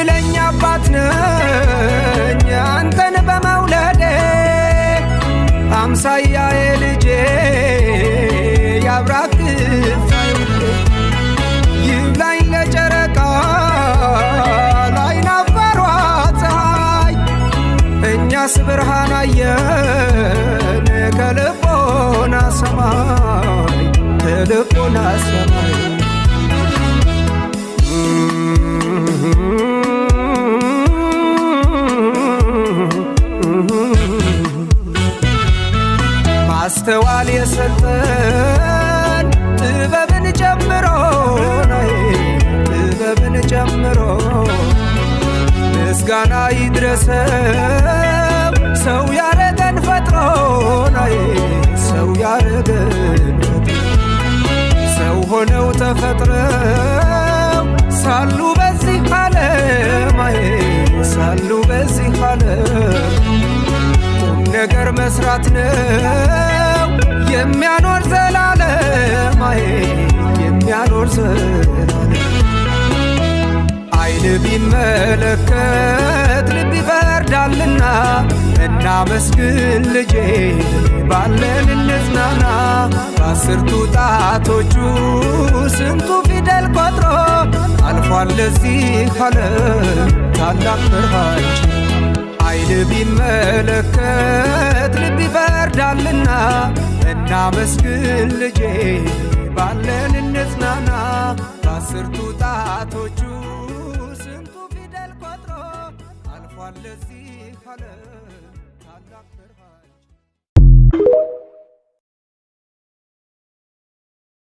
እድለኛ አባት ነኝ አንተን በመውለዴ አምሳያዬ ልጄ ያብራክ ይብላኝ ለጨረቃ ላይናፈሯ ፀሐይ እኛስ ብርሃን አየር ማስተዋል የሰጠን ጥበብን ጨምሮ ጥበብን ጨምሮ ምስጋና ይድረሰብ ሰው ያረገን ፈጥሮ ሰው ያረገን ሰው ሆነው ተፈጥረው ሳሉ በዚህ ዓለም ሳሉ በዚህ ዓለም ነገር መስራት ነው ያኖር ዘመን አይን ቢመለከት ልብ ይበርዳልና እናመስግን ልጄ ባለን እንጽናና። በአስርቱ ጣቶቹ ስንቱ ፊደል ቆጥሮ አልፏል ለዚህ ዓለም ታላቅ ብርሃን። አይን ቢመለከት ልብ ይበርዳልና እናመስግን ልጄ ባለን ለዚህ ዓለም ታላቅ ብርሃን